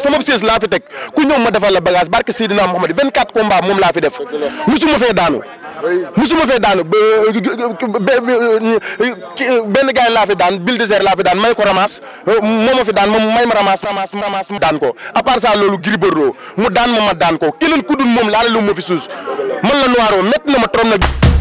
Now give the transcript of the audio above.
sama siis laa fi teg ku ñëw ma defal la bagage barke Seydina Mohamed 24 combats moom laa fi def musuma fee daanu. musuma fee daanu benn gars laa fi daan bil désert laa fi daan may ko ramas moo ma fi daan moom may ma ramas ramas daan ko à part ça loolu Gris Bordeaux mu daan ma ma daan ko keneen ku dul moom la lu ma fi suus man la noiro métti na ma trop nag